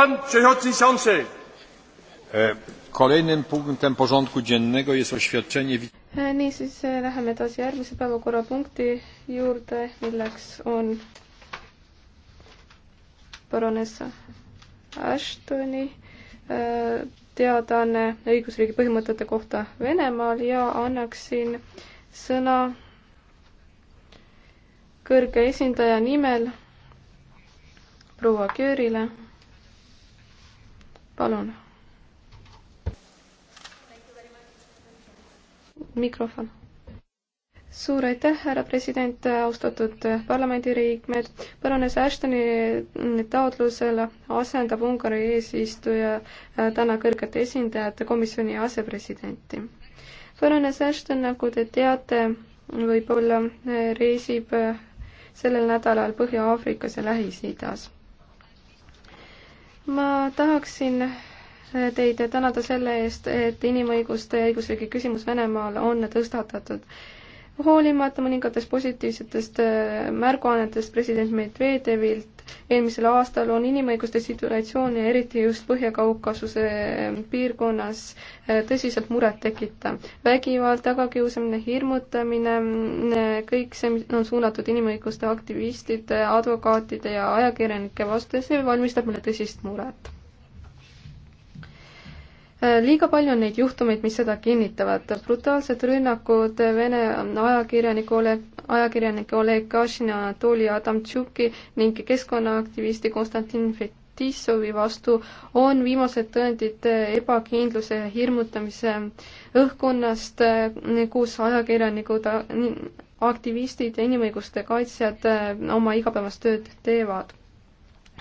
Pan przewodniczący! E, kolejnym punktem porządku dziennego jest oświadczenie e, niisiis e, läheme edasi järgmise päevakorrapunkti juurde, milleks on baronessa Ashtoni teadaanne õigusriigi põhimõtete kohta Venemaal ja annaksin sõna kõrge esindaja nimel proua Köörile palun. mikrofon. suur aitäh, härra president, austatud parlamendiliikmed. baroness Ashtoni taotlusel asendab Ungari eesistuja äh, täna kõrgete esindajate komisjoni asepresidenti. baroness Ashton, nagu te teate, võib-olla reisib äh, sellel nädalal Põhja-Aafrikas ja Lähis-Idas ma tahaksin äh, teid tänada selle eest, et inimõiguste ja õigusriigi küsimus Venemaal on tõstatatud. hoolimata mõningatest positiivsetest äh, märguannetest president Medvedevilt eelmisel aastal on inimõiguste situatsioon ja eriti just Põhja-Kaukasuse eh, piirkonnas eh, tõsiselt murettekitav. vägivald, tagakiusamine, hirmutamine, mm, eh, kõik see on suunatud inimõiguste aktivistide, advokaatide ja ajakirjanike vastu ja see valmistab meile tõsist muret liiga palju on neid juhtumeid, mis seda kinnitavad. brutaalsed rünnakud Vene ajakirjaniku, ajakirjanike Oleg Kašina, Anatoli Adamtšuki ning keskkonnaaktivisti Konstantin Fetissovi vastu on viimased tõendid ebakindluse ja hirmutamise õhkkonnast, kus ajakirjanikud, aktivistid ja inimõiguste kaitsjad oma igapäevast tööd teevad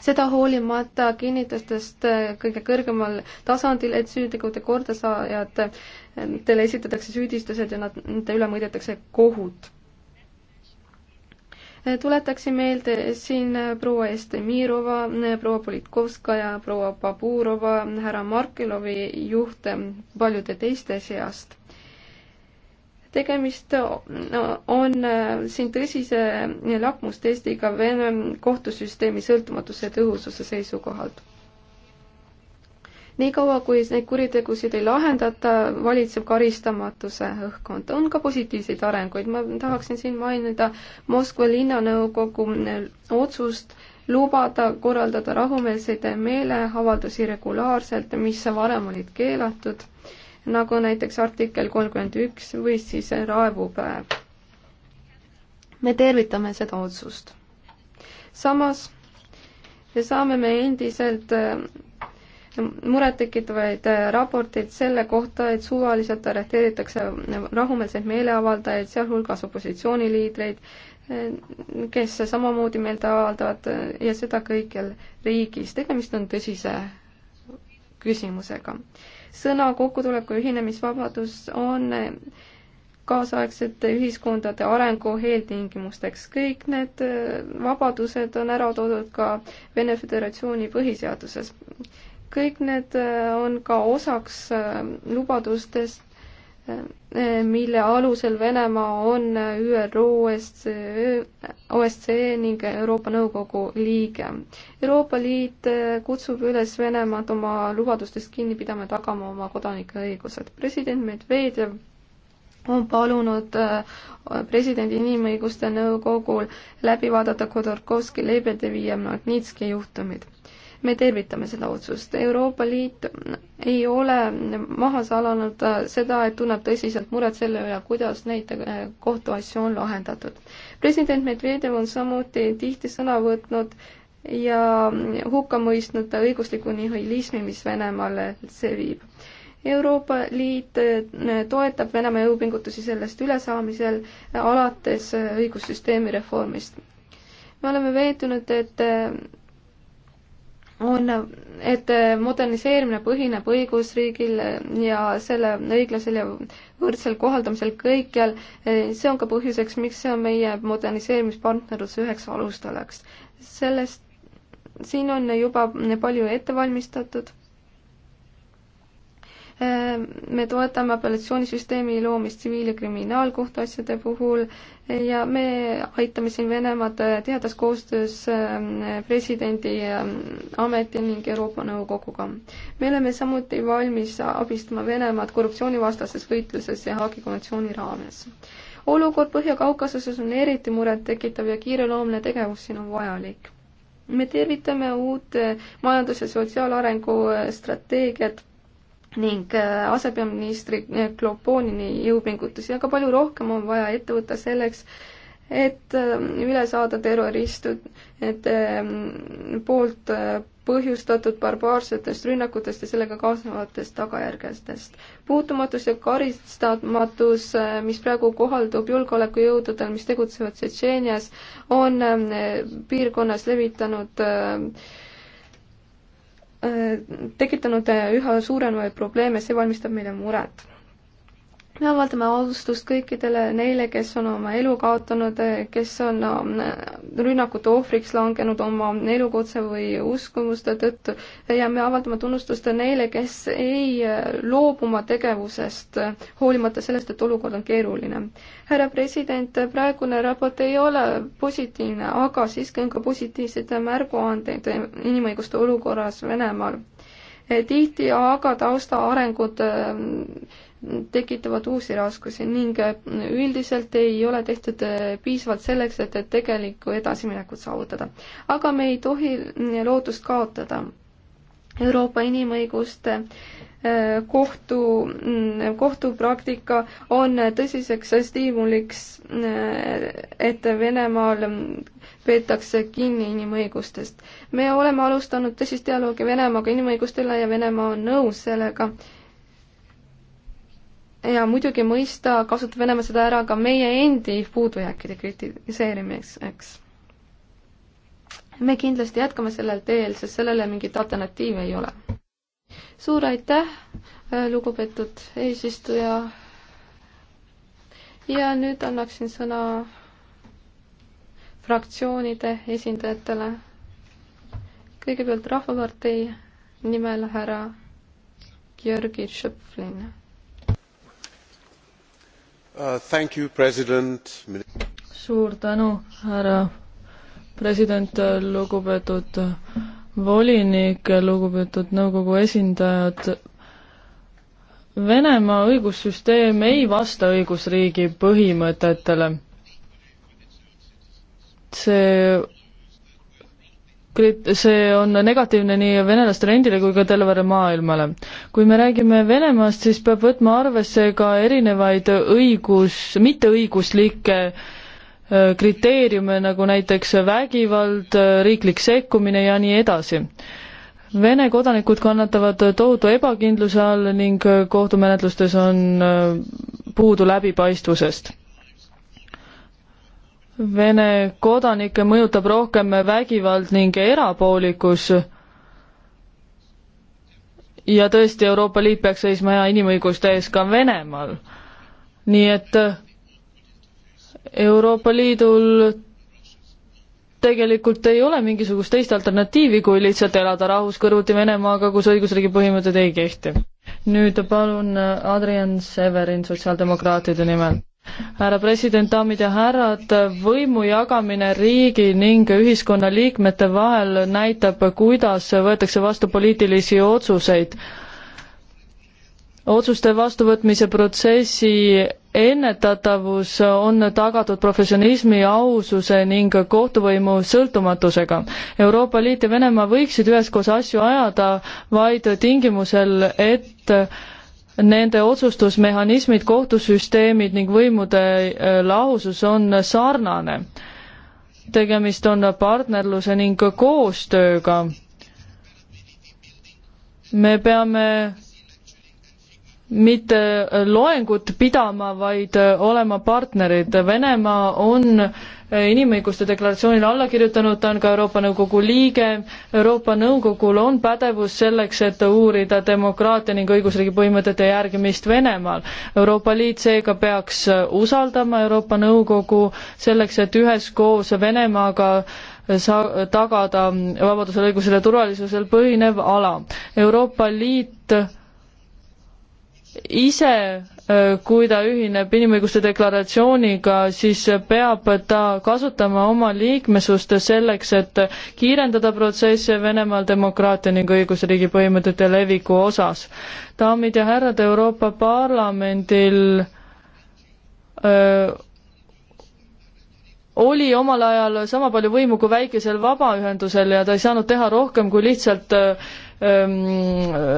seda hoolimata kinnitustest kõige kõrgemal tasandil, et süütegude kordasaajatele esitatakse süüdistused ja nad, nende üle mõidetakse kohut tuletaksin meelde siin proua Estemirova, proua Politkovskaja, proua Baburova, härra Markelovi juhte paljude teiste seast. tegemist on siin tõsise lakmustestiga Vene kohtusüsteemi sõltumatuse tõhususe seisukohalt niikaua, kui neid kuritegusid ei lahendata, valitseb karistamatuse õhkkond. on ka positiivseid arenguid, ma tahaksin siin mainida Moskva linnanõukogu otsust lubada korraldada rahumeelseid meeleavaldusi regulaarselt, mis varem olid keelatud, nagu näiteks artikkel kolmkümmend üks või siis raevupäev. me tervitame seda otsust. samas me saame me endiselt murettekitavaid äh, raporteid selle kohta, et suvaliselt arreteeritakse rahumeelseid meeleavaldajaid, sealhulgas opositsiooniliidreid, äh, kes samamoodi meelt avaldavad äh, ja seda kõikjal riigis. tegemist on tõsise küsimusega. sõna, kokkutuleku, ühinemisvabadus on kaasaegsete ühiskondade arengu eeltingimusteks. kõik need vabadused on ära toodud ka Vene Föderatsiooni põhiseaduses kõik need äh, on ka osaks äh, lubadustest, äh, mille alusel Venemaa on ÜRO, OSCE, OSCE ning Euroopa Nõukogu liige. Euroopa Liit kutsub üles Venemaad oma lubadustest kinni pidama ja tagama oma kodanike õigused. president Medvedjev on palunud presidendi inimõiguste nõukogul läbi vaadata Khodorkovski, Lebedevi ja Magnitski juhtumid me tervitame seda otsust. Euroopa Liit ei ole maha salanud seda, et tunneb tõsiselt muret selle üle, kuidas neid äh, kohtuasju on lahendatud. president Medvedev on samuti tihti sõna võtnud ja hukka mõistnud õigusliku nihilismi, mis Venemaale see viib. Euroopa Liit äh, toetab Venemaa jõupingutusi sellest ülesaamisel alates õigussüsteemi reformist. me oleme veendunud, et äh, on, et moderniseerimine põhineb õigusriigil ja selle õiglasel ja võrdsel kohaldamisel kõikjal. see on ka põhjuseks, miks see on meie moderniseerimispartnerluse üheks alustalaks. sellest, siin on juba palju ette valmistatud me toetame apelatsioonisüsteemi loomist tsiviil- ja kriminaalkohtuasjade puhul ja me aitame siin Venemaad tihedas koostöös ähm, presidendi ähm, ameti ning Euroopa Nõukoguga. me oleme samuti valmis abistama Venemaad korruptsioonivastases võitluses ja Haagi konventsiooni raames. olukord Põhja-Kaukasuses on eriti murettekitav ja kiireloomne tegevus siin on vajalik me tervitame uut äh, majandus- ja sotsiaalarengu äh, strateegiat ning äh, asepeaministri äh, Klopponini jõupingutusi, aga palju rohkem on vaja ette võtta selleks, et ähm, üle saada terroristide ähm, poolt äh, põhjustatud barbaarsetest rünnakutest ja sellega kaasnevatest tagajärgedest. puutumatus ja karistamatus, mis praegu kohaldub julgeolekujõududel, mis tegutsevad Tšetšeenias, on piirkonnas levitanud äh, tekitanud üha suurenevaid probleeme, see valmistab meile muret me avaldame austust kõikidele neile, kes on oma elu kaotanud, kes on ähm, rünnakute ohvriks langenud oma elukutse või uskumuste tõttu ja me avaldame tunnustust neile, kes ei äh, loobu oma tegevusest, äh, hoolimata sellest, et olukord on keeruline. härra president, praegune raport ei ole positiivne, aga siiski on ka positiivseid märguandeid inimõiguste olukorras Venemaal tihti aga tausta arengud ähm, tekitavad uusi raskusi ning äh, üldiselt ei ole tehtud äh, piisavalt selleks, et, et tegelikku edasiminekut saavutada. aga me ei tohi äh, lootust kaotada. Euroopa Inimõiguste kohtu, mm, kohtupraktika on tõsiseks stiimuliks, et Venemaal mm, peetakse kinni inimõigustest. me oleme alustanud tõsist dialoogi Venemaaga inimõigustele ja Venemaa on nõus sellega ja muidugi mõista kasutab Venemaa seda ära ka meie endi puudujääkide kritiseerimiseks, eks. me kindlasti jätkame sellel teel, sest sellele mingit alternatiivi ei ole. suur aitäh, lugupeetud eesistuja. ja nüüd annaksin sõna fraktsioonide esindajatele. kõigepealt Rahvapartei nimel härra Georgi Šõplin Uh, suur tänu, härra president, lugupeetud volinik, lugupeetud nõukogu esindajad. Venemaa õigussüsteem ei vasta õigusriigi põhimõtetele. see see on negatiivne nii venelastele endile kui ka tervele maailmale. kui me räägime Venemaast, siis peab võtma arvesse ka erinevaid õigus, mitteõiguslikke äh, kriteeriume, nagu näiteks vägivald, äh, riiklik sekkumine ja nii edasi. Vene kodanikud kannatavad tohutu ebakindluse all ning kohtumenetlustes on äh, puudu läbipaistvusest Vene kodanikke mõjutab rohkem vägivald ning erapoolikus. ja tõesti, Euroopa Liit peaks seisma hea inimõiguste ees ka Venemaal. nii et Euroopa Liidul tegelikult ei ole mingisugust teist alternatiivi, kui lihtsalt elada rahus kõrvuti Venemaaga, kus õigusriigi põhimõtted ei kehti. nüüd palun Adrian Severin sotsiaaldemokraatide nimel härra president, daamid ja härrad, võimu jagamine riigi ning ühiskonna liikmete vahel näitab, kuidas võetakse vastu poliitilisi otsuseid. otsuste vastuvõtmise protsessi ennetatavus on tagatud professionismi, aususe ning kohtuvõimu sõltumatusega. Euroopa Liit ja Venemaa võiksid üheskoos asju ajada vaid tingimusel, et nende otsustusmehhanismid, kohtusüsteemid ning võimude äh, lahusus on sarnane. tegemist on partnerluse ning koostööga. me peame mitte loengut pidama, vaid olema partnerid. Venemaa on inimõiguste deklaratsioonile alla kirjutanud, ta on ka Euroopa Nõukogu liige, Euroopa Nõukogul on pädevus selleks, et uurida demokraatia ning õigusriigi põhimõtete järgimist Venemaal. Euroopa Liit seega peaks usaldama Euroopa Nõukogu selleks, et üheskoos Venemaaga saa-, tagada vabadusel, õigusel ja turvalisusel põhinev ala. Euroopa Liit ise, äh, kui ta ühineb inimõiguste deklaratsiooniga, siis peab ta kasutama oma liikmesust selleks, et kiirendada protsesse Venemaal demokraatia ning õigusriigi põhimõtete leviku osas. daamid ja härrad, Euroopa Parlamendil öö, äh, oli omal ajal sama palju võimu kui väikesel vabaühendusel ja ta ei saanud teha rohkem kui lihtsalt ähm,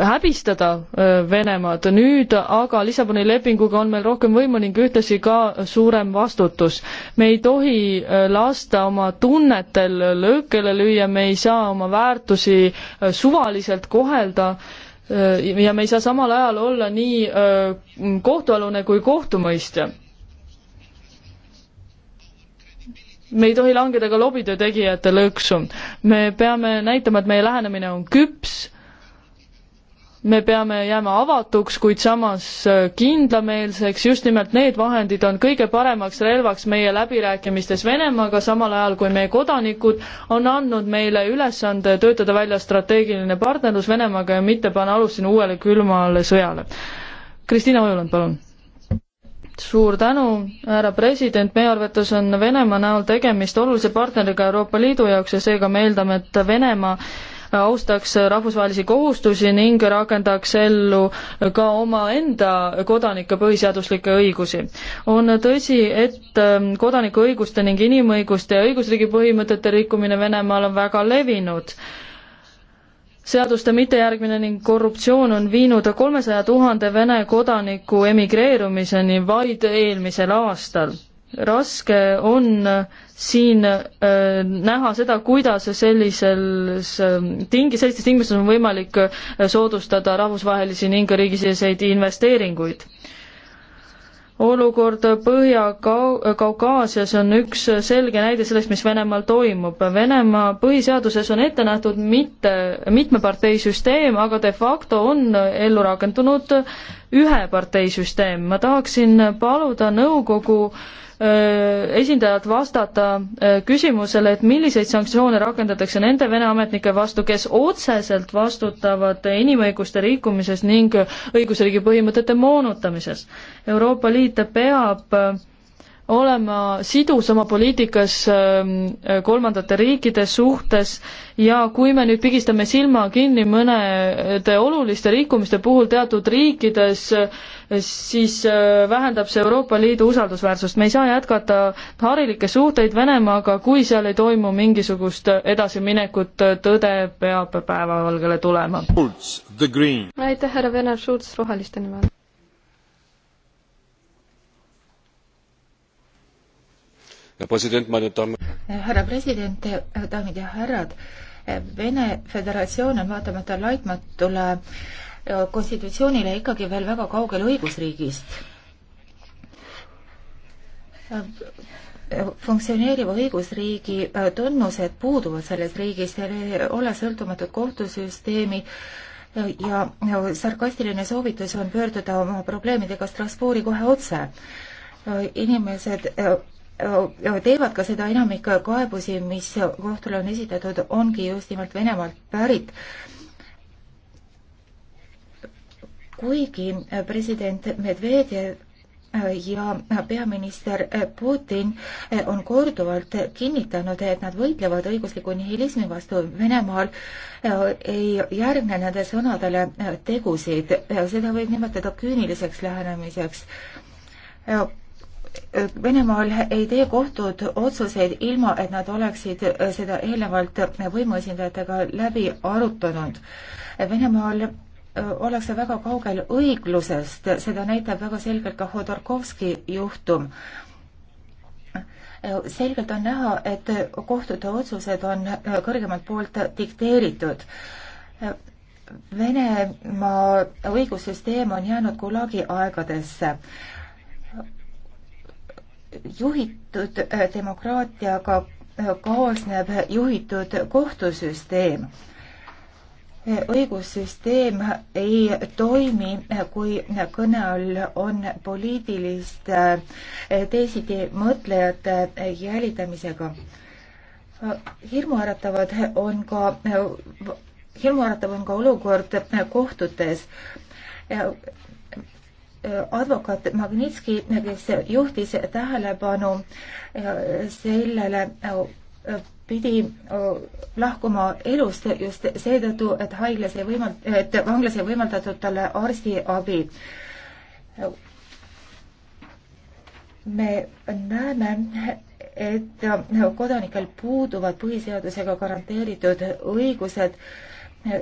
häbistada äh, Venemaad. nüüd aga Lissaboni lepinguga on meil rohkem võimu ning ühtlasi ka suurem vastutus. me ei tohi äh, lasta oma tunnetel lõõkele lüüa, me ei saa oma väärtusi äh, suvaliselt kohelda ja me ei saa samal ajal olla nii kohtualune kui kohtumõistja me ei tohi langeda ka lobitöö tegijate lõksu. me peame näitama, et meie lähenemine on küps, me peame jääma avatuks, kuid samas äh, kindlameelseks, just nimelt need vahendid on kõige paremaks relvaks meie läbirääkimistes Venemaaga, samal ajal kui meie kodanikud on andnud meile ülesande töötada välja strateegiline partnerlus Venemaaga ja mitte panna alust siin uuele külmale sõjale. Kristiina Ojuland, palun suur tänu, härra president, meie arvates on Venemaa näol tegemist olulise partneriga Euroopa Liidu jaoks ja seega me eeldame, et Venemaa austaks rahvusvahelisi kohustusi ning rakendaks ellu ka omaenda kodanike põhiseaduslikke õigusi. on tõsi, et ähm, kodanikuõiguste ning inimõiguste ja õigusriigi põhimõtete rikkumine Venemaal on väga levinud seaduste mittejärgmine ning korruptsioon on viinud kolmesaja tuhande Vene kodaniku emigreerumiseni vaid eelmisel aastal. raske on äh, siin äh, näha seda, kuidas sellises ähm, tingi-, sellistes tingimustes on võimalik äh, soodustada rahvusvahelisi ning riigisiseseid investeeringuid olukord Põhja-Kaukaasias on üks selge näide sellest, mis Venemaal toimub. Venemaa põhiseaduses on ette nähtud mitte, mitmeparteisüsteem, aga de facto on ellu rakendunud üheparteisüsteem. ma tahaksin paluda nõukogu Äh, esindajalt vastata äh, küsimusele, et milliseid sanktsioone rakendatakse nende Vene ametnike vastu, kes otseselt vastutavad inimõiguste rikkumises ning õigusriigi põhimõtete moonutamises. Euroopa Liit peab äh, olema sidus oma poliitikas ähm, äh, kolmandate riikide suhtes ja kui me nüüd pigistame silma kinni mõnede oluliste rikkumiste puhul teatud riikides, äh, siis äh, vähendab see Euroopa Liidu usaldusväärsust. me ei saa jätkata harilikke suhteid Venemaaga, kui seal ei toimu mingisugust edasiminekut, tõde peab päevavalgele tulema. aitäh, härra Werner Schulz Roheliste nimel! härra president, daamid ja härrad, Vene Föderatsioon on vaatamata laitmatule konstitutsioonile ikkagi veel väga kaugel õigusriigist. funktsioneeriva õigusriigi tunnused puuduvad selles riigis, seal ei ole sõltumatut kohtusüsteemi ja sarkastiline soovitus on pöörduda oma probleemidega Strasbourgi kohe otse. inimesed Äh, teevad ka seda enamik kaebusi, mis kohtule on esitatud, ongi just nimelt Venemaalt pärit. kuigi äh, president Medvedjev äh, ja peaminister Putin on korduvalt kinnitanud, et nad võitlevad õigusliku nihilismi vastu Venemaal, ei järgne nende sõnadele tegusid. seda võib nimetada küüniliseks lähenemiseks Venemaal ei tee kohtud otsuseid ilma, et nad oleksid seda eelnevalt võimuesindajatega läbi arutanud. Venemaal äh, ollakse väga kaugel õiglusest, seda näitab väga selgelt ka Hodorkovski juhtum. Äh, selgelt on näha, et kohtute otsused on äh, kõrgemalt poolt dikteeritud. Venemaa õigussüsteem on jäänud Gulagi aegadesse juhitud äh, demokraatiaga äh, kaasneb juhitud kohtusüsteem. Äh, õigussüsteem ei toimi, kui kõne all on poliitiliste teisiti mõtlejate jälitamisega. hirmuäratavad on ka, hirmuäratav on ka olukord kohtutes advokaat Magnitski, kes juhtis tähelepanu äh, sellele, äh, pidi äh, lahkuma elust just seetõttu, et haiglas ei võimald-, et vanglas ei võimaldatud talle arstiabi. me näeme, et kodanikel puuduvad põhiseadusega garanteeritud õigused äh,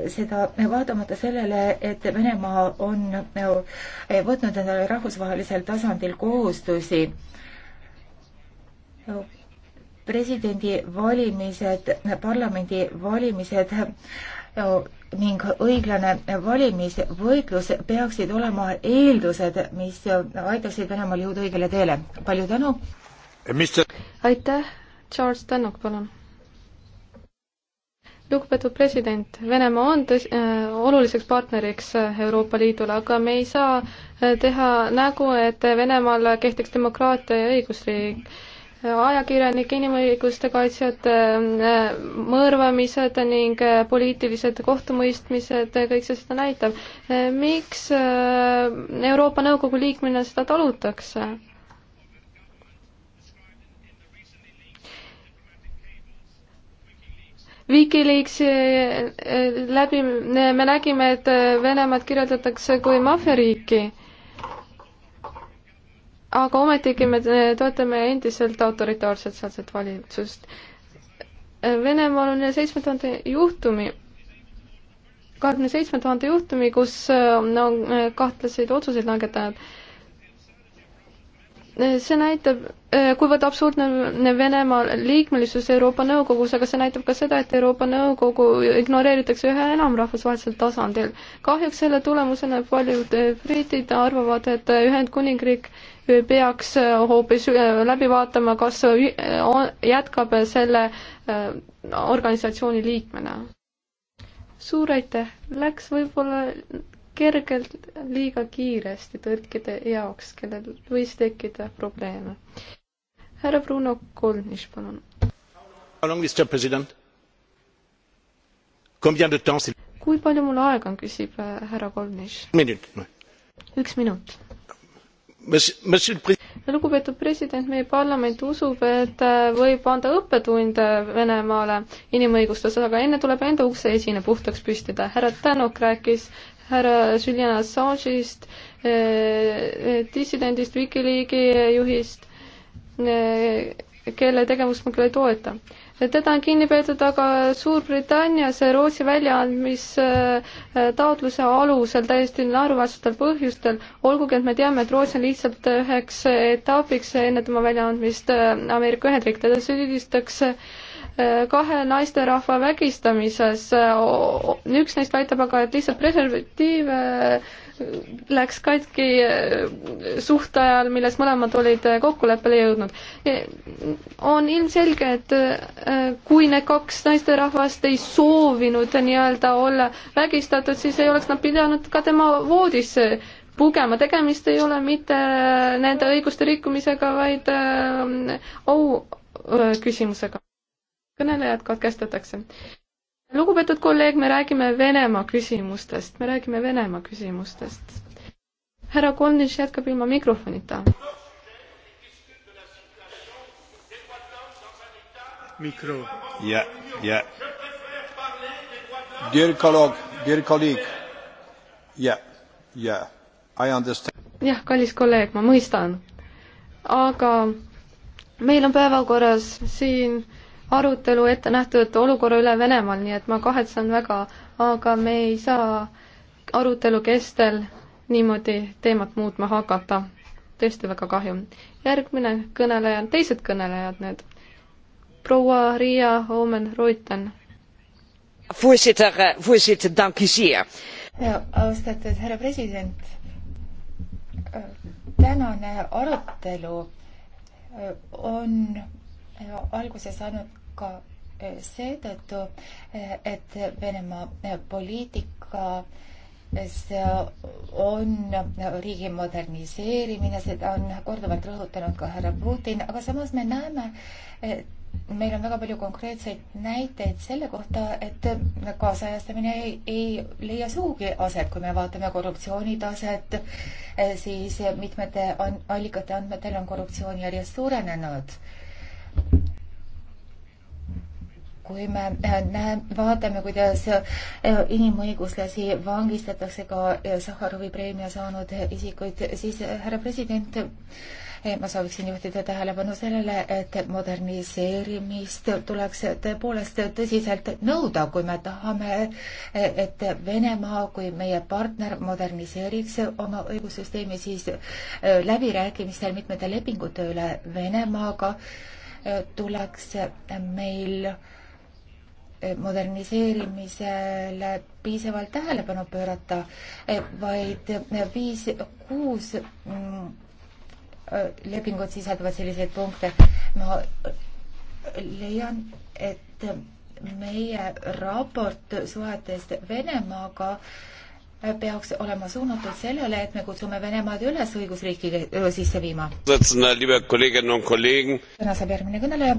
seda vaatamata sellele, et Venemaa on äh, võtnud endale rahvusvahelisel tasandil kohustusi. presidendi valimised, parlamendi valimised äh, ning õiglane valimisvõitlus peaksid olema eeldused, mis aitaksid Venemaal jõuda õigele teele. palju tänu! aitäh, Charles Tannock, palun! lugupeetud president, Venemaa on tõs- äh,, oluliseks partneriks äh, Euroopa Liidule, aga me ei saa äh, teha nägu, et Venemaal kehtiks demokraatia ja õigusriik. Äh, ajakirjanike, inimõiguste kaitsjate äh, mõrvamised ning äh, poliitilised kohtumõistmised, kõik see seda näitab. miks Euroopa Nõukogu liikmena seda talutakse? Wikileaksi eh, läbi me nägime, et eh, Venemaad kirjeldatakse kui maffiariiki. aga ometigi me eh, toetame endiselt autoritaarset sealset valitsust. Venemaal on seitsme tuhande juhtumi, kahekümne seitsme tuhande juhtumi, kus on kahtlaseid otsuseid langetanud see näitab, äh, kuivõrd absurdne Venemaa liikmelisus Euroopa Nõukogus, aga see näitab ka seda, et Euroopa Nõukogu ignoreeritakse üha enam rahvusvahelisel tasandil. kahjuks selle tulemusena paljud äh, britid arvavad, et äh, Ühendkuningriik peaks hoopis läbi vaatama, kas jätkab selle organisatsiooni liikmena. suur aitäh, läks võib-olla kergelt liiga kiiresti tõlkide jaoks, kellel võis tekkida probleeme. härra Bruno Kolnis, palun. kui palju mul aega on, küsib äh, härra Kolnis. üks minut. lugupeetud president, meie parlament usub, et äh, võib anda õppetunde äh, Venemaale inimõigustes, aga enne tuleb enda ukse esine puhtaks püstida. härra Tänok rääkis härra Julian Assange'ist, eh, eh, dissidendist, Wikileaksi juhist, eh, kelle tegevust ma küll ei toeta. teda on kinni peetud aga Suurbritannias Rootsi väljaandmistaotluse alusel täiesti naeruväärsetel põhjustel, olgugi et me teame, et Rootsi on lihtsalt üheks etapiks enne tema väljaandmist Ameerika Ühendriikidele süüdistatakse äh, kahe naisterahva vägistamises. üks neist väitab aga, et lihtsalt preservatiiv äh, läks katki äh, suhte ajal, milles mõlemad olid äh, kokkuleppele jõudnud. E, on ilmselge, et kui need kaks naisterahvast ei soovinud nii-öelda olla vägistatud, siis ei oleks nad pidanud ka tema voodisse pugema, tegemist ei ole mitte nende õiguste rikkumisega, vaid au küsimusega kõnelejad katkestatakse. lugupeetud kolleeg, me räägime Venemaa küsimustest, me räägime Venemaa küsimustest. härra Kolnis jätkab ilma mikrofonita. mikro. ja, ja. Dear colleague, dear colleague. Yeah, yeah, I understand. jah, kallis kolleeg, ma mõistan. aga meil on päevakorras siin äh, arutelu ette nähtud olukorra üle Venemaal, nii et ma kahetsen väga, aga me ei saa arutelu kestel niimoodi teemat muutma hakata. tõesti väga kahju. järgmine kõneleja, teised kõnelejad nüüd. proua Riia Oomen-Ruiten. Eh, austatud härra president, tänane arutelu eh, on alguse saanud ka eh, seetõttu, eh, et Venemaa eh, poliitika see on riigi moderniseerimine, seda on korduvalt rõhutanud ka härra Putin, aga samas me näeme, meil on väga palju konkreetseid näiteid selle kohta, et kaasajastamine ei, ei leia sugugi aset, kui me vaatame korruptsioonitaset, siis mitmete allikate andmetel on korruptsioon järjest suurenenud kui me äh, näe-, vaatame, kuidas äh, inimõiguslasi vangistatakse ka äh, Sahharovi preemia saanud isikuid, siis härra president, ma sooviksin juhtida tähelepanu sellele, et moderniseerimist tuleks tõepoolest tõsiselt nõuda, kui me tahame, et Venemaa kui meie partner moderniseeriks oma õigussüsteemi, siis läbirääkimistel mitmete lepingute üle Venemaaga tuleks meil moderniseerimisele piisavalt tähelepanu pöörata, e, vaid viis, kuus mm, lepingud sisaldavad selliseid punkte. ma leian, et meie raport suhetest Venemaaga äh, peaks olema suunatud sellele, et me kutsume Venemaad üles õigusriiki sisse viima. täna saab järgmine kõneleja,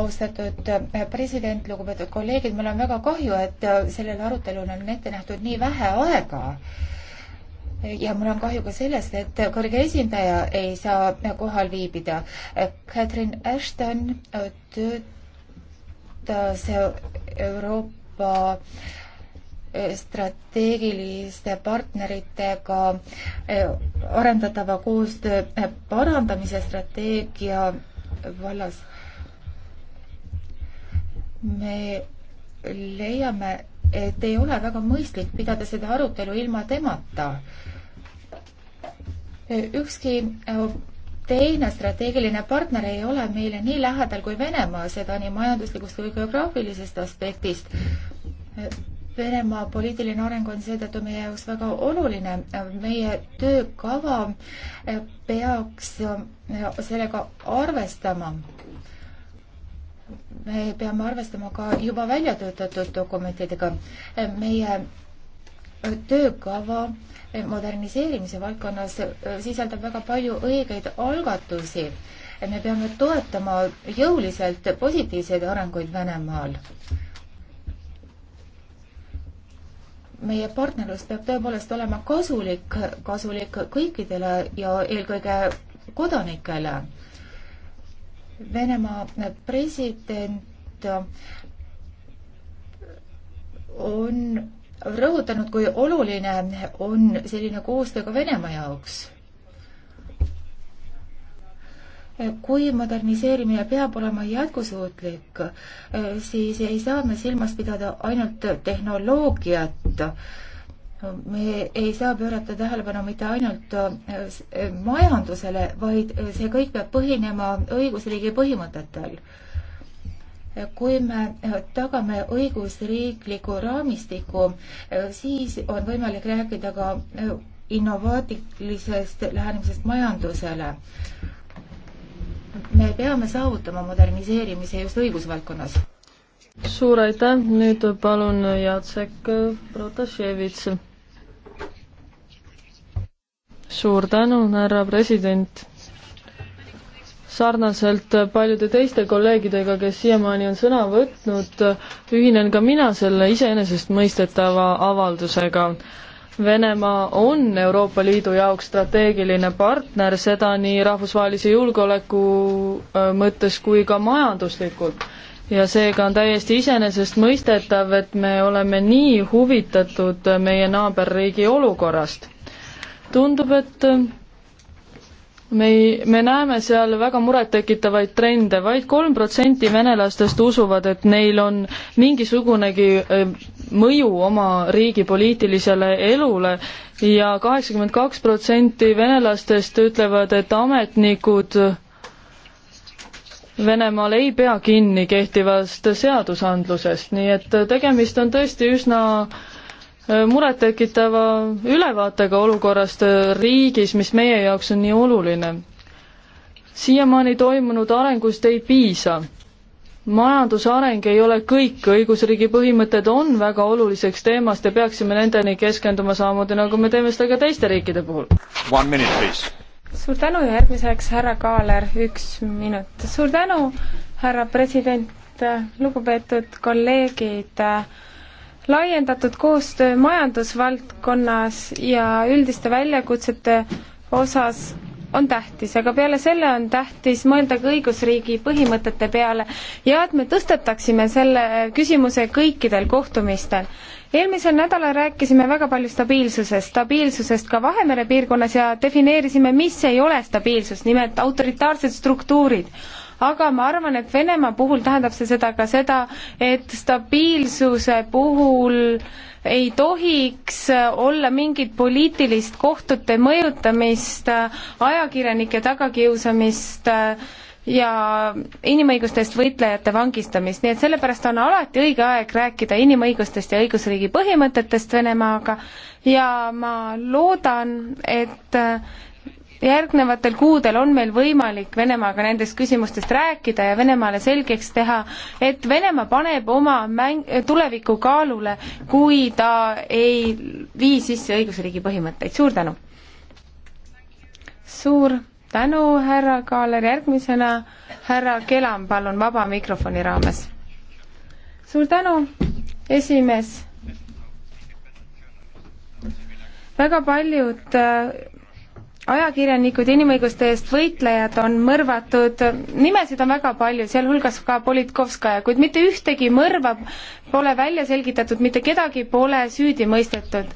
austatud president, lugupeetud kolleegid, mul on väga kahju, et sellel arutelul on ette nähtud nii vähe aega ja mul on kahju ka sellest, et kõrge esindaja ei saa kohal viibida. Catherine Ashton töötas Euroopa strateegiliste partneritega eh, arendatava koostöö eh, parandamise strateegia vallas. me leiame, et ei ole väga mõistlik pidada seda arutelu ilma temata. ükski eh, teine strateegiline partner ei ole meile nii lähedal kui Venemaa, seda nii majanduslikust kui geograafilisest aspektist Venemaa poliitiline areng on seetõttu meie jaoks väga oluline. meie töökava peaks sellega arvestama. me peame arvestama ka juba välja töötatud dokumentidega. meie töökava moderniseerimise valdkonnas sisaldab väga palju õigeid algatusi. me peame toetama jõuliselt positiivseid arenguid Venemaal meie partnerlus peab tõepoolest olema kasulik, kasulik kõikidele ja eelkõige kodanikele. Venemaa president on rõhutanud, kui oluline on selline koostöö ka Venemaa jaoks kui moderniseerimine peab olema jätkusuutlik, siis ei saa me silmas pidada ainult tehnoloogiat. me ei saa pöörata tähelepanu mitte ainult äh, majandusele, vaid see kõik peab põhinema õigusriigi põhimõtetel kui me tagame õigusriikliku raamistiku, siis on võimalik rääkida ka innovaatilisest lähenemisest majandusele me peame saavutama moderniseerimise just õigusvaldkonnas. suur aitäh, nüüd palun Jacek Protasevitš. suur tänu, härra president. sarnaselt paljude teiste kolleegidega, kes siiamaani on sõna võtnud, ühinen ka mina selle iseenesestmõistetava avaldusega Venemaa on Euroopa Liidu jaoks strateegiline partner, seda nii rahvusvahelise julgeoleku äh, mõttes kui ka majanduslikult. ja seega on täiesti iseenesestmõistetav, et me oleme nii huvitatud meie naaberriigi olukorrast. tundub, et äh, me ei, me näeme seal väga murettekitavaid trende vaid, vaid kolm protsenti venelastest usuvad, et neil on mingisugunegi äh, mõju oma riigi poliitilisele elule ja kaheksakümmend kaks protsenti venelastest ütlevad, et ametnikud Venemaal ei pea kinni kehtivast seadusandlusest, nii et tegemist on tõesti üsna äh, murettekitava ülevaatega olukorrast äh, riigis, mis meie jaoks on nii oluline. siiamaani toimunud arengust ei piisa majandusareng ei ole kõik, õigusriigi põhimõtted on väga oluliseks teemast ja peaksime nendeni keskenduma samamoodi, nagu me teeme seda ka teiste riikide puhul. suur tänu ja järgmiseks härra Kaaler, üks minut. suur tänu, härra president, lugupeetud kolleegid laiendatud koostöö majandusvaldkonnas ja üldiste väljakutsete osas on tähtis, aga peale selle on tähtis mõelda ka õigusriigi põhimõtete peale ja et me tõstataksime selle küsimuse kõikidel kohtumistel. eelmisel nädalal rääkisime väga palju stabiilsusest, stabiilsusest ka Vahemere piirkonnas ja defineerisime, mis ei ole stabiilsus, nimelt autoritaarsed struktuurid aga ma arvan, et Venemaa puhul tähendab see seda ka seda, et stabiilsuse puhul äh, ei tohiks olla mingit poliitilist kohtute mõjutamist, ajakirjanike tagakiusamist ja inimõigustest võitlejate vangistamist, nii et sellepärast on alati õige aeg rääkida inimõigustest ja õigusriigi põhimõtetest Venemaaga ja ma loodan, et järgnevatel kuudel on meil võimalik Venemaaga nendest küsimustest rääkida ja Venemaale selgeks teha, et Venemaa paneb oma mäng, tuleviku kaalule, kui ta ei vii sisse õigusriigi põhimõtteid, suur tänu! suur tänu, härra Kaaler, järgmisena härra Kelam, palun, vaba mikrofoni raames. suur tänu, esimees! väga paljud äh, ajakirjanikud ja inimõiguste eest võitlejad on mõrvatud, nimesid on väga palju, sealhulgas ka Politkovskaja, kuid mitte ühtegi mõrva pole välja selgitatud, mitte kedagi pole süüdi mõistetud.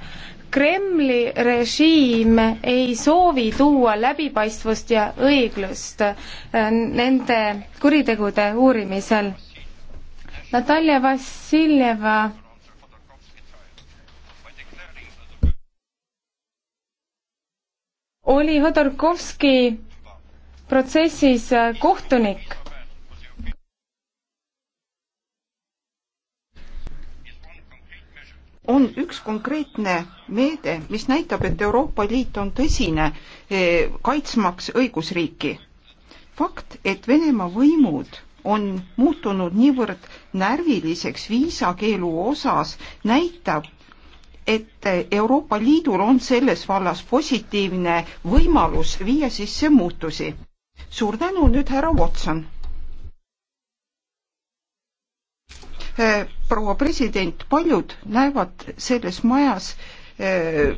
Kremli režiim ei soovi tuua läbipaistvust ja õiglust äh, nende kuritegude uurimisel. Natalja Vassiljeva oli Hodorkovski protsessis äh, kohtunik. on üks konkreetne meede, mis näitab, et Euroopa Liit on tõsine eh, kaitsmaks õigusriiki. fakt, et Venemaa võimud on muutunud niivõrd närviliseks viisakeelu osas, näitab, et Euroopa Liidul on selles vallas positiivne võimalus viia sisse muutusi. suur tänu nüüd härra Watson. Äh, proua president, paljud näevad selles majas äh,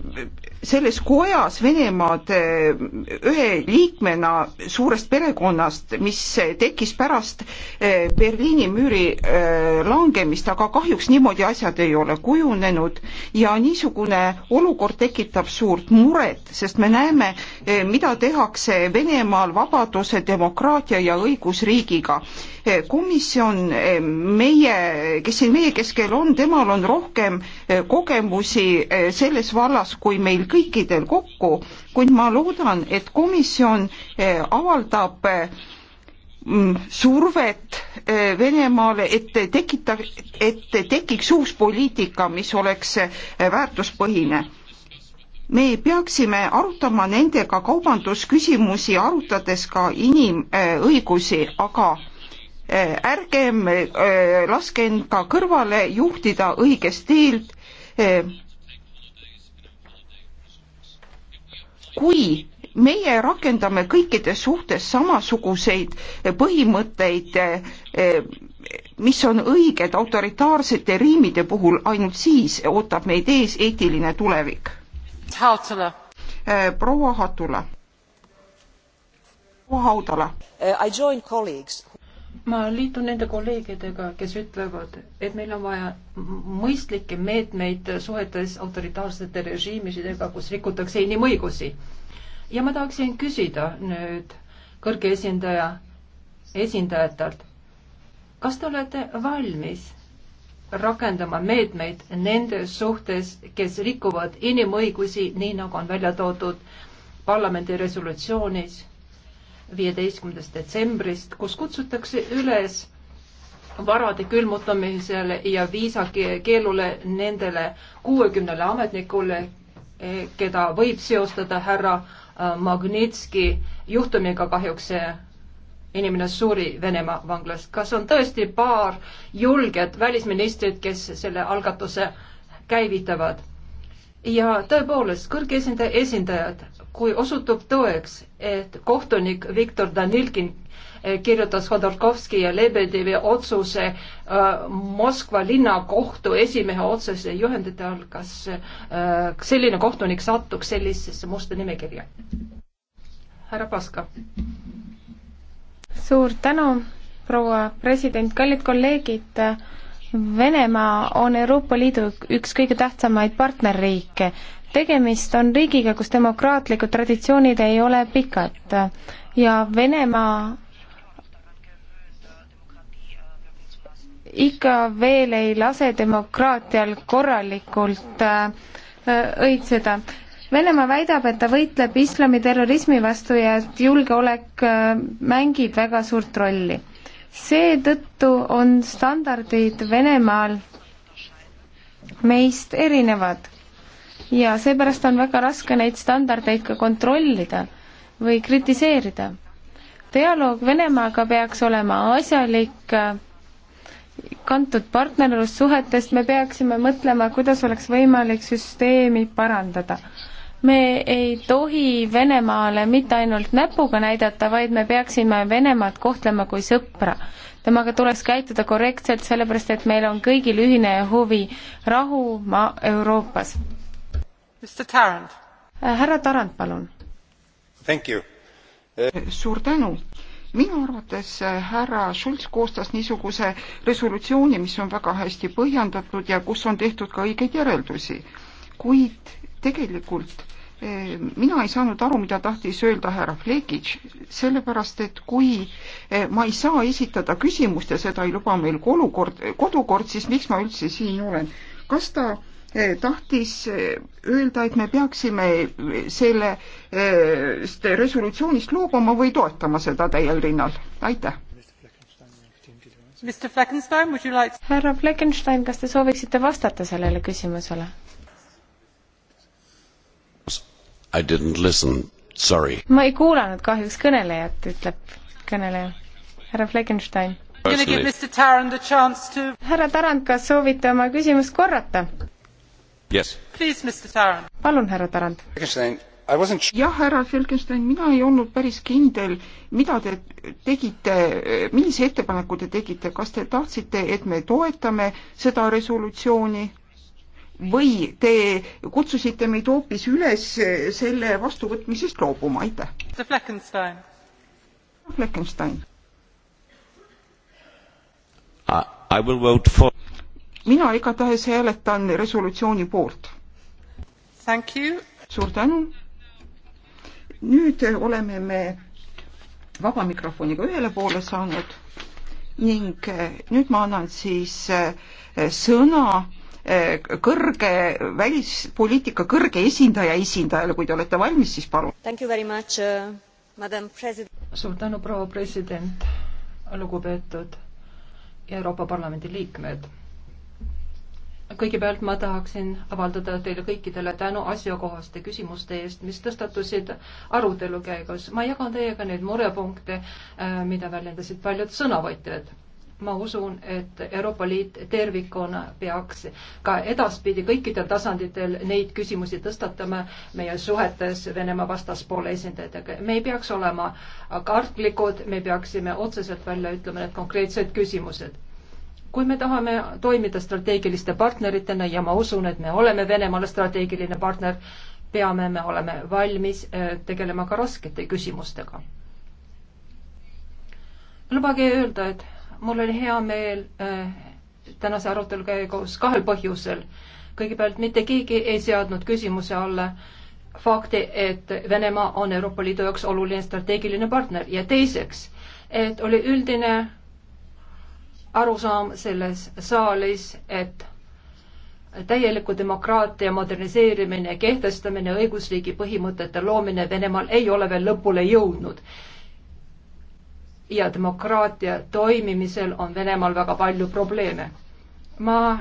selles kojas Venemaad eh, ühe liikmena suurest perekonnast, mis eh, tekkis pärast eh, Berliini müüri langemist, aga kahjuks niimoodi asjad ei ole kujunenud ja niisugune olukord tekitab suurt muret, sest me näeme, mida tehakse Venemaal vabaduse, demokraatia ja õigusriigiga. komisjon meie, kes siin meie keskel on, temal on rohkem kogemusi selles vallas kui meil kõigil, kõikidel kokku, kuid ma loodan, et komisjon eh, avaldab mm, survet eh, Venemaale, et tekita-, et tekiks uus poliitika, mis oleks eh, väärtuspõhine. me peaksime arutama nendega kaubandusküsimusi, arutades ka inimõigusi, aga ärgem laskem ka kõrvale juhtida õigest teelt kui meie rakendame kõikide suhtes samasuguseid põhimõtteid, eh, mis on õiged autoritaarsete riimide puhul, ainult siis ootab meid ees eetiline tulevik. Eh, proua Hatula. proua Haudala. Eh, ma liitun nende kolleegidega, kes ütlevad, et meil on vaja mõistlikke meetmeid suhetes autoritaarsete režiimidega, kus rikutakse inimõigusi. ja ma tahaksin küsida nüüd kõrge esindaja, esindajatelt, kas te olete valmis rakendama meetmeid nende suhtes, kes rikuvad inimõigusi, nii nagu on välja toodud parlamendi resolutsioonis viieteistkümnendast detsembrist, kus kutsutakse üles varade külmutamisele ja viisakeelule nendele kuuekümnele ametnikule, eh, keda võib seostada härra eh, Magnitski juhtumiga, kahjuks see inimene suri Venemaa vanglas. kas on tõesti paar julget välisministrit, kes selle algatuse käivitavad? ja tõepoolest, kõrge esindaja esindajad, kui osutub tõeks, et kohtunik Viktor Danilkin eh, kirjutas Hodorkovski ja Lebedevi otsuse äh, Moskva linnakohtu esimehe otsuse juhendite all, kas äh, selline kohtunik satuks sellisesse musta nimekirja? härra Paska. suur tänu, proua president, kallid kolleegid Venemaa on Euroopa Liidu üks kõige tähtsamaid partnerriike. tegemist on riigiga, kus demokraatlikud traditsioonid ei ole pikad ja Venemaa ikka veel ei lase demokraatial korralikult äh, õitseda. Venemaa väidab, et ta võitleb islamiterrorismi vastu ja et julgeolek äh, mängib väga suurt rolli seetõttu on standardid Venemaal meist erinevad ja seepärast on väga raske neid standardeid ka kontrollida või kritiseerida. dialoog Venemaaga peaks olema asjalik, kantud partnerlussuhetest me peaksime mõtlema, kuidas oleks võimalik süsteemi parandada me ei tohi Venemaale mitte ainult näpuga näidata, vaid me peaksime Venemaad kohtlema kui sõpra. temaga tuleks käituda korrektselt, sellepärast et meil on kõigil ühine huvi rahu maa Euroopas. Äh, härra Tarand, palun. Äh, suur tänu minu arvates äh, härra Schulz koostas niisuguse resolutsiooni, mis on väga hästi põhjendatud ja kus on tehtud ka õigeid järeldusi. kuid tegelikult eh, mina ei saanud aru, mida tahtis öelda härra Flekitš, sellepärast et kui eh, ma ei saa esitada küsimust ja seda ei luba meil olukord, eh, kodukord, siis miks ma üldse siin olen? kas ta tahtis öelda, et me peaksime sellest resolutsioonist loobuma või toetama seda täiel rinnal? aitäh! härra Fleckenstein like..., kas te sooviksite vastata sellele küsimusele? I didn't listen, sorry. ma ei kuulanud kahjuks kõnelejat, ütleb kõneleja. härra Fleckenstein. härra Tarand, kas soovite oma küsimust korrata? Yes. palun, härra Tarand. jah, härra Fleckenstein, mina ei olnud päris kindel, mida te tegite, millise ettepaneku te tegite, kas te tahtsite, et me toetame seda resolutsiooni? või te kutsusite meid hoopis üles selle vastuvõtmisest loobuma, aitäh. Fleckenstein. Fleckenstein. I will vote for. mina igatahes hääletan resolutsiooni poolt. Thank you. suur tänu. nüüd oleme me vaba mikrofoniga ühele poole saanud ning nüüd ma annan siis eh, sõna Eh, kõrge, välispoliitika kõrge esindaja esindajale, kui te olete valmis, siis palun. Uh, suur tänu, proua president, lugupeetud Euroopa Parlamendi liikmed kõigepealt ma tahaksin avaldada teile kõikidele tänu asjakohaste küsimuste eest, mis tõstatusid arutelu käigus. ma jagan teiega neid murepunkte, äh, mida väljendasid paljud sõnavõtjad ma usun, et Euroopa Liit tervikuna peaks ka edaspidi kõikidel tasanditel neid küsimusi tõstatama meie suhetes Venemaa vastaspoole esindajatega. me ei peaks olema kartlikud, me peaksime otseselt välja ütlema need konkreetsed küsimused. kui me tahame toimida strateegiliste partneritena ja ma usun, et me oleme Venemaale strateegiline partner, peame me olema valmis äh, tegelema ka raskete küsimustega. lubage öelda, et mul oli hea meel äh, tänase arutelu käigus kahel põhjusel. kõigepealt mitte keegi ei seadnud küsimuse alla fakti, et Venemaa on Euroopa Liidu jaoks oluline strateegiline partner ja teiseks, et oli üldine arusaam selles saalis, et täieliku demokraatia moderniseerimine, kehtestamine, õigusriigi põhimõtete loomine Venemaal ei ole veel lõpule jõudnud ja demokraatia toimimisel on Venemaal väga palju probleeme. ma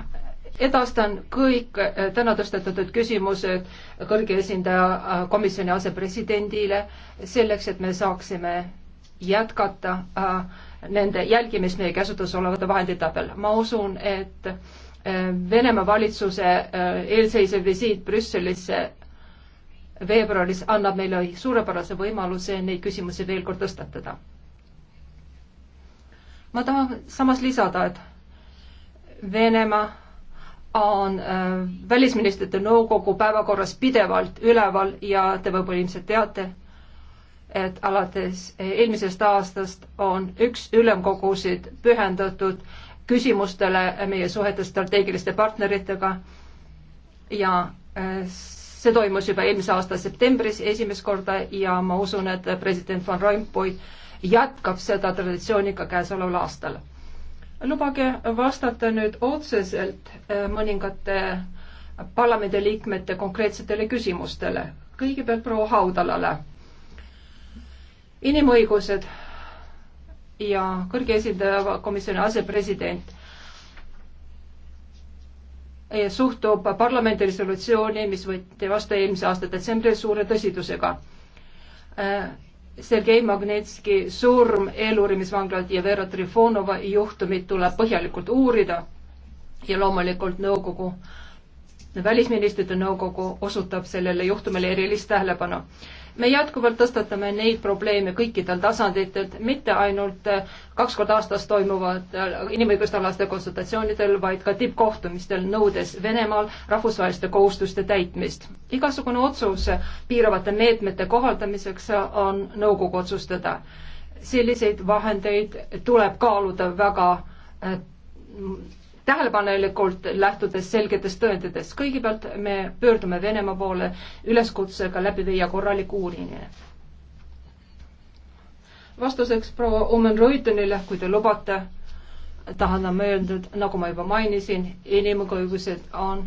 edastan kõik äh, täna tõstatatud küsimused kõrge esindaja äh, komisjoni asepresidendile selleks, et me saaksime jätkata äh, nende jälgimist meie käsutuses olevate vahendite abil. ma usun, et Venemaa valitsuse eelseisev visiit Brüsselisse veebruaris annab meile suurepärase võimaluse neid küsimusi veel kord tõstatada ma tahan samas lisada, et Venemaa on äh, välisministrite nõukogu päevakorras pidevalt üleval ja te võib-olla ilmselt teate, et alates äh, eelmisest aastast on üks ülemkogusid pühendatud küsimustele meie suhetes strateegiliste partneritega ja äh, see toimus juba eelmise aasta septembris esimest korda ja ma usun, et president Van Rompuy jätkab seda traditsiooni ka käesoleval aastal. lubage vastata nüüd otseselt eh, mõningate parlamendiliikmete konkreetsetele küsimustele. kõigepealt proua Haudalale. inimõigused ja kõrge esindaja komisjoni asepresident eh, suhtub parlamendi resolutsiooni, mis võeti vastu eelmise aasta detsembris suure tõsidusega eh, Sergei Magnetski surm eeluurimisvanglalt ja Vera Trifonova juhtumit tuleb põhjalikult uurida ja loomulikult nõukogu, välisministrite nõukogu osutab sellele juhtumile erilist tähelepanu me jätkuvalt tõstatame neid probleeme kõikidel tasanditel, mitte ainult äh, kaks korda aastas toimuvatel äh, inimõiguste alaste konsultatsioonidel, vaid ka tippkohtumistel, nõudes Venemaal rahvusvaheliste kohustuste täitmist. igasugune otsus piiravate meetmete kohaldamiseks on nõukogu otsustada. selliseid vahendeid tuleb kaaluda väga äh, tähelepanelikult, lähtudes selgetest tõenditest. kõigepealt me pöördume Venemaa poole üleskutsega läbi viia korralik uurimine. vastuseks proua Omen Reutenile, kui te lubate, tahan ma öelda, et nagu ma juba mainisin, inimõigused on,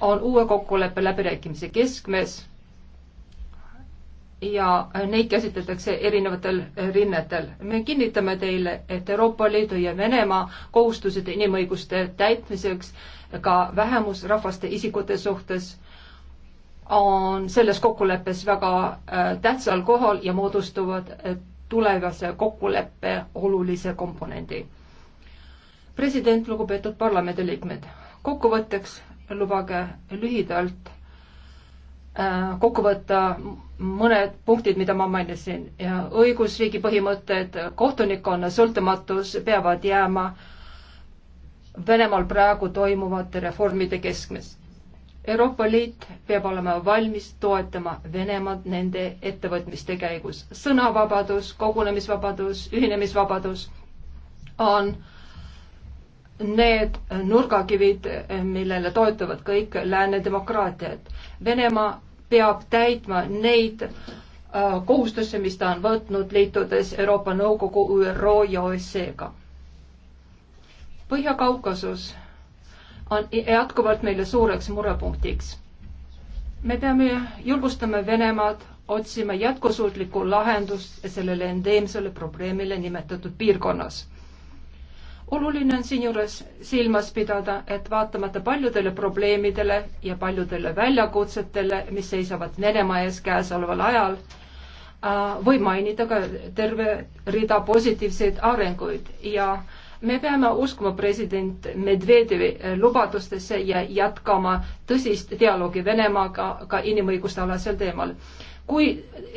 on uue kokkuleppe läbirääkimise keskmes ja neid käsitletakse erinevatel rinnetel. me kinnitame teile, et Euroopa Liidu ja Venemaa kohustused inimõiguste täitmiseks ka vähemusrahvaste isikute suhtes on selles kokkuleppes väga äh, tähtsal kohal ja moodustuvad äh, tulevase kokkuleppe olulise komponendi. president, lugupeetud parlamendiliikmed, kokkuvõtteks lubage lühidalt äh, kokku võtta mõned punktid, mida ma mainisin ja õigusriigi põhimõtted, kohtunikkonna sõltumatus peavad jääma Venemaal praegu toimuvate reformide keskmes. Euroopa Liit peab olema valmis toetama Venemaad nende ettevõtmiste käigus. sõnavabadus, kogunemisvabadus, ühinemisvabadus on need nurgakivid, millele toetuvad kõik lääne demokraatiad. Venemaa peab täitma neid äh, kohustusse, mis ta on võtnud liitudes Euroopa Nõukogu, ÜRO ja OSCE-ga. Põhja-Kaukasus on jätkuvalt meile suureks murepunktiks. me peame julgustama Venemaad otsima jätkusuutlikku lahendust sellele endeemsele probleemile nimetatud piirkonnas oluline on siinjuures silmas pidada, et vaatamata paljudele probleemidele ja paljudele väljakutsetele, mis seisavad Venemaa ees käesoleval ajal, äh, võib mainida ka terve rida positiivseid arenguid ja me peame uskuma president Medvedevi äh, lubadustesse ja jätkama tõsist dialoogi Venemaaga ka inimõiguste alasel teemal kui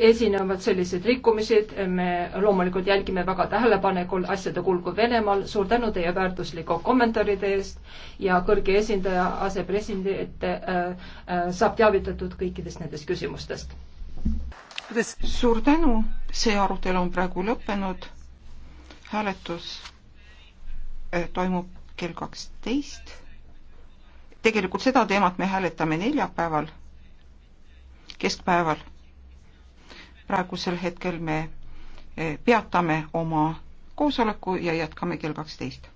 esinevad sellised rikkumised, me loomulikult jälgime väga tähelepanekul asjade kulgu Venemaal. suur tänu teie väärtuslike kommentaaride eest ja kõrge esindaja, asepresident äh, äh, saab teavitatud kõikidest nendest küsimustest. suur tänu, see arutelu on praegu lõppenud. hääletus äh, toimub kell kaksteist. tegelikult seda teemat me hääletame neljapäeval, keskpäeval praegusel hetkel me eh, peatame oma koosoleku ja jätkame kell kaksteist.